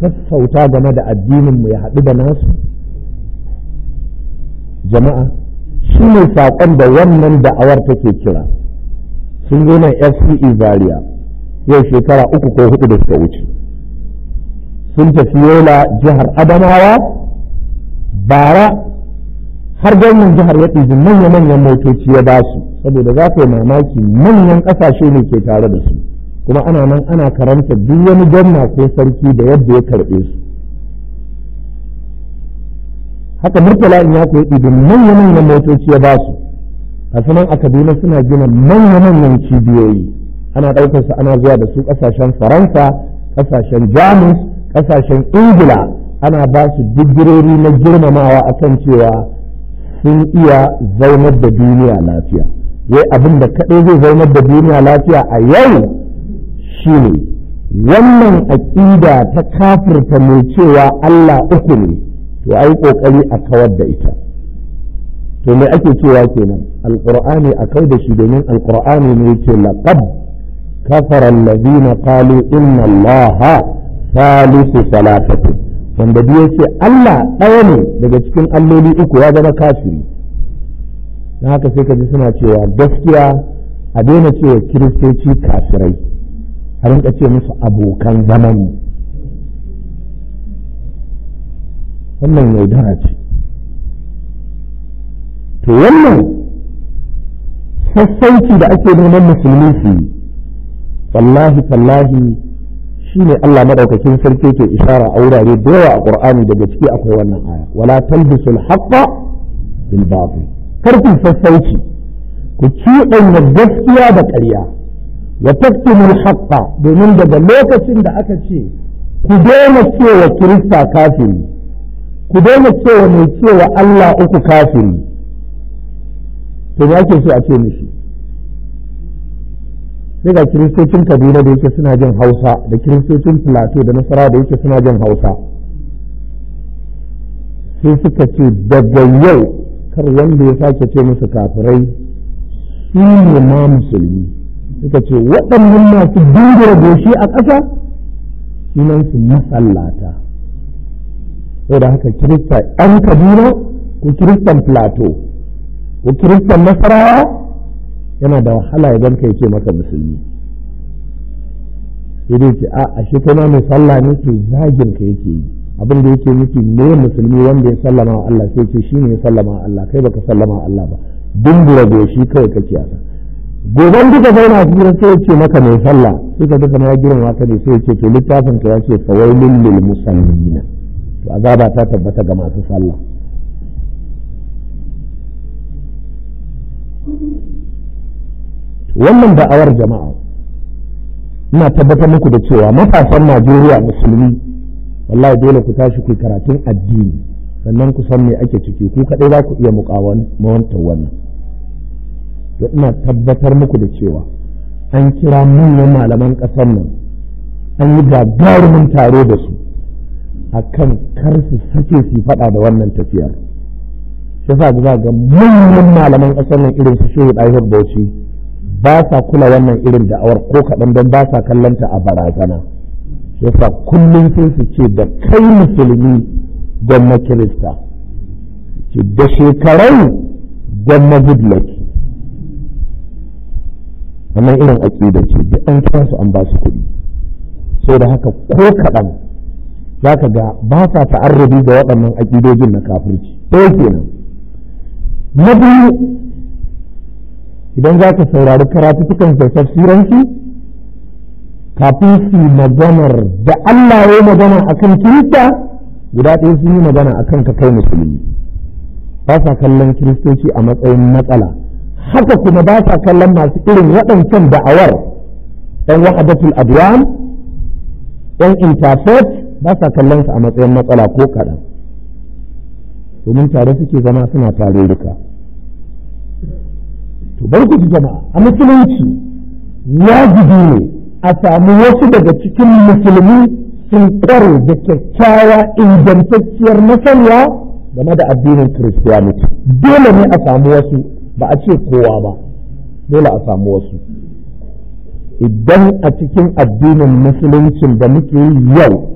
sassauta game da addininmu ya haɗu da nasu jama'a su ne saƙon da wannan da'awar take kira sun zo nan fce zaria yau shekara uku ko hudu da suka wuce sun tafi yola jihar adamawa bara har gwamnan jihar ya ɗizi manya-manyan motoci ya ba su saboda za ka yi mamaki manyan ƙasashe ne ke tare da su kuma ana nan ana karanta duk wani gwamna ko sarki da yadda ya karɓe su haka murtala in ya koyi ɗidin manya-manyan motoci ya ba su a sanan a kaduna suna gina manya-manyan cibiyoyi ana ɗaukar su ana zuwa da su ƙasashen faransa ƙasashen jamus ƙasashen ingila ana ba su digirori na girmamawa a kan cewa sun iya zaunar da duniya lafiya yai abin da kaɗai zai zaunar da duniya lafiya a yau shine wannan aƙida ta kafirta mai cewa Allah uku ne to ai kokari a kawar da ita to me ake cewa kenan alqur'ani a kai da shi domin alqur'ani ne yake laqad kafara allazina qalu inna allaha salisu salatati wanda duk yace Allah ɗaya ne daga cikin alloli uku ya zama kafiri na haka sai ka ji suna cewa gaskiya a daina cewa kiristoci kafirai a rinka ce musu abokan zaman wannan yaudara ce to wannan sassauci da ake neman musulmi su yi wallahi tallahi shi ne Allah maɗaukakin sarki ke ishara a wurare da yawa a ƙur'ani daga ciki akwai wannan aya wala talbisul haqqa bil batil kar ku sassauci ku cuɗanya gaskiya da ƙarya wa taktumul haqqa domin daga lokacin da aka ce ku daina cewa kirista kafiri ku daina cewa mai cewa Allah uku kafiri to ya ke so a ce mishi sai ga kiristocin kabila da yake suna jin hausa da kiristocin filato da nasara da yake suna jin hausa sai suka ce daga yau kar wanda ya sake ce musu kafirai su ne ma musulmi suka ce waɗannan masu dingura goshi a ƙasa su masallata sau da haka kirista ɗan kabila ko kiristan plateau ko kiristan nasarawa yana da wahala idan ganka ce maka musulmi sai dai ce a ashe kuma mai sallah ne ke zagin ka yake yi abin da yake nufi ne musulmi wanda ya sallama Allah sai ce shi ne ya sallama Allah kai baka sallama Allah ba dingura goshi kawai kake a goban duka na hira sai ya ce maka mai sallah sai ka duka na girma ka ne sai ya ce to littafin ka ya ce lil musallina to azaba ta tabbata ga masu sallah wannan da'awar jama'a ina tabbatar muku da cewa matasan Najeriya musulmi wallahi dole ku tashi ku karatun addini sannan ku san me ake ciki ku kaɗai za ku iya muƙawan mawantar wannan to ina tabbatar muku da cewa an kira manyan malaman ƙasar nan an yi gagarumin taro da su a kan kar su sake su faɗa da wannan tafiyar shi sa ga ga manyan malaman ƙasar nan irin su shehu ɗahir bauchi ba sa kula wannan irin da awar ko kaɗan don ba sa kallonta a barazana shi sa kullum sai su ce da kai musulmi don makirista ce da shekarai don goodluck wannan irin aƙida ce duk an kira su an ba su kuɗi saboda haka ko kaɗan za ka ga ba sa ta'arrabi ga waɗannan aƙidojin na kafirci ɗaya kenan na biyu idan za ka saurari karatu karatutukan tafsiransu kafin su maganar da Allah ya magana kan kirista guda ɗaya sun yi magana a kan ka kai musulmi ba sa kallon kiristoci a matsayin matsala haka kuma ba sa kallon masu irin waɗancan da'awar ɗan wahadatul adwan ɗan interfaith ba sa kallon su a matsayin matsala ko kaɗan domin tare suke zama suna tare duka to bar ku jama'a a musulunci ya gudu ne a samu wasu daga cikin musulmi sun kware da kyakkyawa ingantacciyar masaniya game da addinin kiristiyaniti dole ne a samu wasu ba a ce kowa ba dole a samu wasu idan a cikin addinin musuluncin da muke yi yau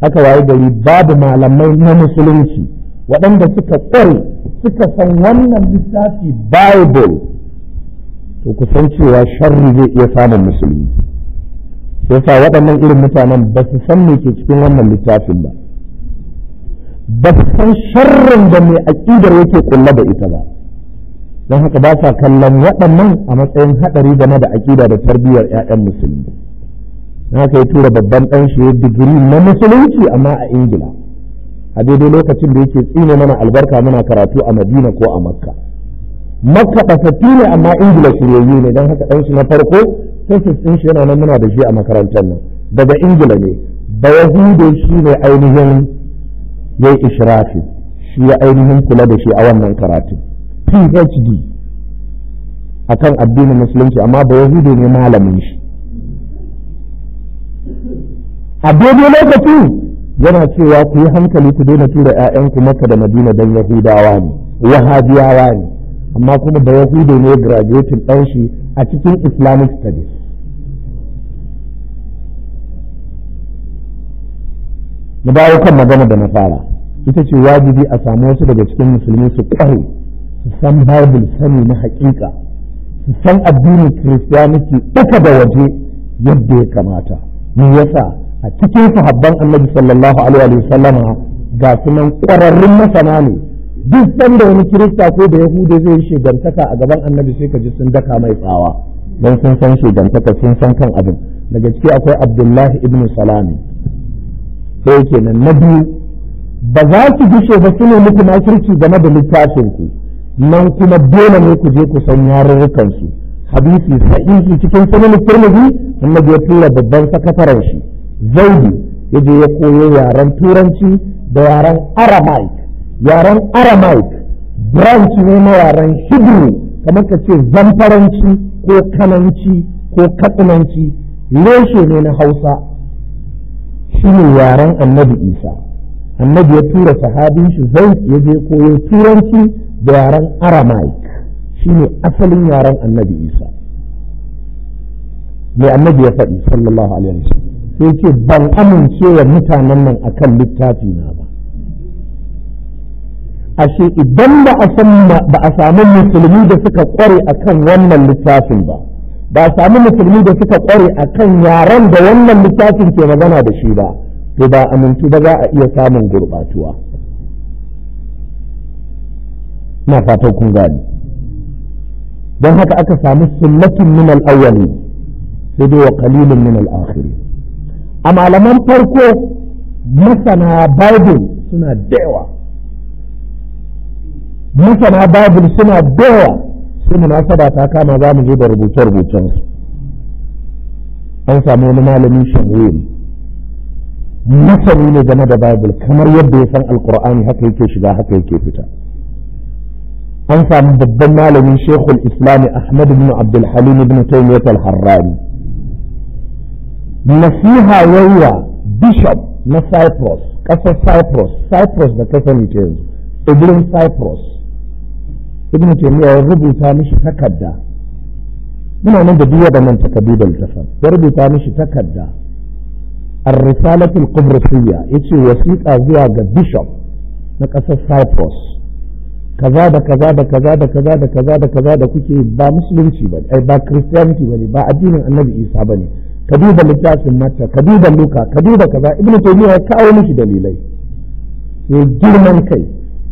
aka waye gari babu malamai na musulunci waɗanda suka ƙware suka san wannan littafi bible to kusan cewa sharri zai iya samun musulmi sai sa waɗannan irin mutanen ba su san me ke cikin wannan littafin ba ba su san sharrin da mai aƙidar yake kulla da ita ba don haka ba sa kallon waɗannan a matsayin haɗari game da aƙida da tarbiyyar 'ya'yan musulmi haka ya tura babban ɗan shi digiri na musulunci amma a ingila a daidai lokacin da yake tsine mana albarka muna karatu a madina ko a makka makka basatti ne amma ingila shiryayye ne don haka ɗan na farko tesis ɗin shi yana nan muna da shi a makarantar nan daga ingila ne da yahudu shi ne ainihin yayi ishrafi shi ya ainihin kula da shi a wannan karatun phd kan addinin musulunci amma ba yahudu ne malamin shi a daidai lokacin yana cewa ku yi hankali ku daina tura 'ya'yanku maka da madina don yahudawa ne wahabiyawa ne amma kuma da yahudu ne graduatin ɗan shi a cikin islamic studies na dawo kan magana da na fara ita ce wajibi a samu wasu daga cikin musulmi su ƙwarai su san bible sani na hakika su san addinin christianity duka da waje yadda ya kamata me yasa a cikin sahabban annabi sallallahu alaihi wa ga sunan ƙwararrun masana ne duk sanda wani kirista ko da yahuda zai yi shegantaka a gaban annabi sai ka ji sun daka mai tsawa don sun san shegantaka sun san kan abin daga ciki akwai abdullahi ibn salami sai nan na biyu ba za su gishe ba su ne muku makirci game da littafinku. ku nan kuma dole ne ku je ku san yarurrukan su hadisi sahihi cikin sanin turmizi annabi ya tura babban sakataren shi zaidi yaje ya koyo yaren turanci da yaren aramaic yaren aramaic branch ne na yaren hebrew kamar ka ce zamfaranci ko kananci ko katsinanci leshe ne na hausa shine ne yaren annabi isa annabi ya tura sahabin shi zai ya je koyo turanci da yaren shi ne asalin yaren annabi isa mai annabi ya faɗi sallallahu alaihi wasallam sai ce ban amince wa mutanen nan akan littafi na ba ashe idan ba a san ba a samu musulmi da suka kware akan wannan littafin ba ba a samu musulmi da suka kware akan yaren da wannan littafin ke magana da shi ba to ba amintu ba za a iya samun gurbatuwa na fatan kun gani don haka aka samu sunnatin min al-awwali sai dai wa qalilun min al a malaman farko masana bible suna dawa yawa masana bible suna da sai munasaba ta kama za mu je da rubuce-rubucen su an samu wani malami shamil masani ne game da bible kamar yadda ya san alkur'ani haka yake shiga haka yake fita أنسى مبدن ماله من شيخ الإسلام أحمد بن عبد الحليم بن تيمية الحراني نسيها ويا بيشوب ما سايبروس كسر سايبروس سايبروس ده كسر ميتيرز ابن سايبروس ابن تيمية الربو تانيش تكدا من أنا ده بيه بمن تكبيب الكفر الربو تانيش تكدا الرسالة القبرصية إيش وسيط أزياء بيشوب نكسر سايبروس kaza da kaza da kaza da kaza da kaza da kaza da kuke ba musulunci ba ai ba christianity ne ba addinin annabi isa ne ka duba littafin mata ka duba luka ka duba kaza ibnu taymiya ya kawo miki dalilai sai girman kai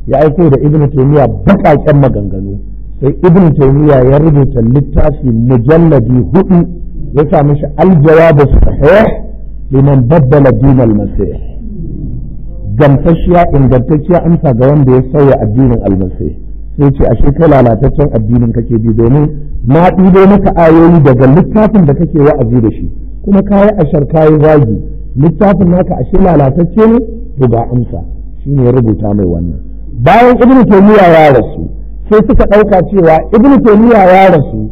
ya aiko da ibnu taymiya bakakken maganganu sai ibnu taymiya ya rubuta littafi mujalladi hudu ya sa mishi al sahih liman baddala dinal masih gamsashiya ingantacciya amsa ga wanda ya sauya addinin almasai sai ce ashe kai lalataccen addinin kake bi domin na ɗibo maka ayoyi daga littafin da kake wa'azi da shi kuma kayi ashar kayi zagi littafin naka ashe lalatacce ne to ga amsa shine ya rubuta mai wannan bayan ibnu taymiya ya rasu sai suka ɗauka cewa ibnu taymiya ya rasu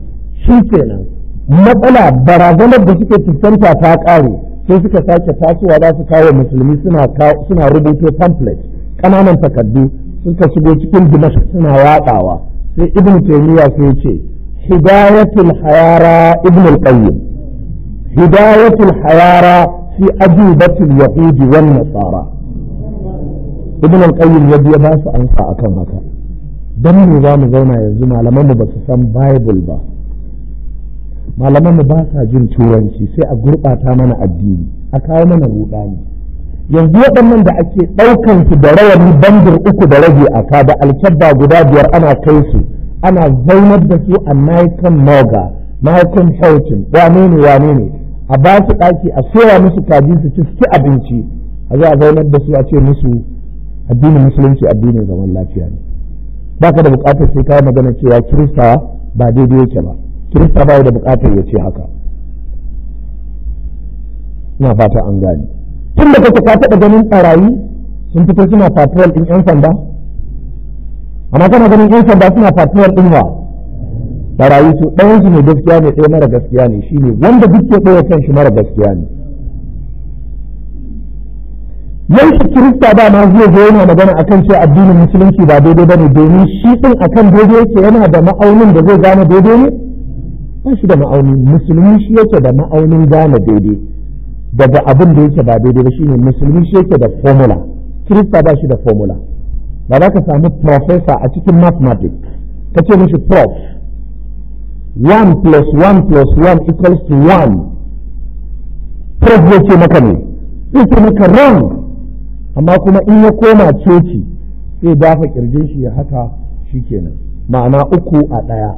shi kenan matsala barazanar da suke fuskanta ta ƙare sai suka sake tasowa za su kawo musulmi suna rubuto pamphlet ƙananan takardu suka shigo cikin dimashq suna watsawa sai ibn taymiya sai ce hidayatul hayara ibn al-qayyim hidayatul hayara fi ajibatil yahudi wan nasara ibn al-qayyim ya biya ba su ansa akan haka dan mu za mu zauna yanzu malaman mu ba su san bible ba malaman mu ba sa jin turanci sai a gurɓata mana addini a kawo mana rudani yanzu waɗannan da ake ɗaukan su da rawani bandir uku da rage a ka da alkyabba guda biyar ana kai su ana zaunar da su a Michael Moga Michael Houghton wane ne wane ne a ba su ɗaki a soya musu kaji su ci su abinci a za a zaunar da su a ce musu addinin musulunci addinin zaman lafiya ne ba ka da bukatar sai kawo magana cewa kirista ba daidai yake ba kirista ba da bukatar ya ce haka na fata an gani tun da kake ka da ganin tsarayi sun fito suna fatuwar ɗin 'yan sanda amma kana ganin 'yan sanda suna fatuwar ɗin wa tsarayi su ɗayan su ne gaskiya ne ɗaya mara gaskiya ne shi ne wanda duk ya ɗaya kan shi mara gaskiya ne shi kirista ba ma zai zo yana magana kan cewa addinin musulunci ba daidai ba ne domin shi ɗin kan daidai yake yana da ma'aunin da zai gane daidai ne ba shi da ma'auni musulmi shi yake da ma'aunin gane daidai daga abin da yake ba daidai ba shine musulmi shi yake da formula kirista ba shi da formula ba za ka samu professor a cikin mathematics ka ce mishi prof 1 plus 1 plus 1 equals to 1 prof zai ce maka ne zai ce maka wrong amma kuma in ya koma coci sai dafa kirjin shi ya haka shi kenan ma'ana uku a ɗaya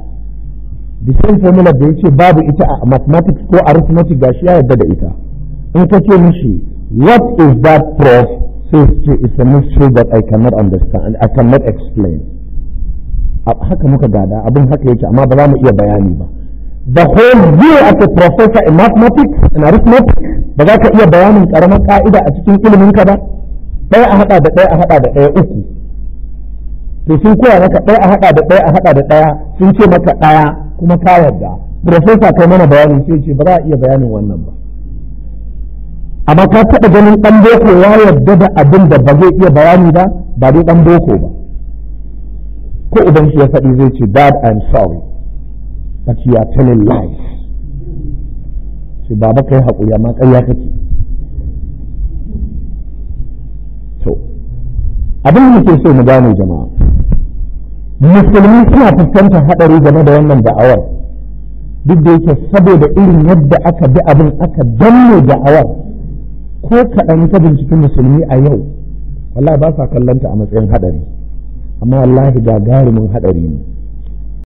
the same formula da yake babu ita a mathematics ko arithmetic shi ya yarda da ita in ka ce mishi what is that prof sai ce it's a mystery that I cannot understand I cannot explain haka muka gada abin haka yake amma ba za mu iya bayani ba the whole year of a professor in mathematics and arithmetic ba za ka iya bayanin karamar ka'ida a cikin ilimin ka ba ɗaya a haɗa da ɗaya a haɗa da ɗaya uku to sun koya maka ɗaya a haɗa da ɗaya a haɗa da ɗaya sun ce maka ɗaya kuma ka yarda profesa kai mana bayani sai ce ba za a iya bayanin wannan ba amma ka taɓa ganin ɗan boko ya yarda da abin da ba zai iya bayani ba ba dai ɗan boko ba ko uban shi ya faɗi zai ce dad I'm sorry but you are telling lies sai baba kai haƙuri amma ƙarya kake to abin da muke so mu gane jama'a musulmi suna fuskantar haɗari game da wannan da'awar duk da yake saboda irin yadda aka bi abin aka danne da'awar ko kaɗan ta binciki musulmi a yau wallahi ba sa kallonta a matsayin haɗari amma wallahi gagarumin haɗari ne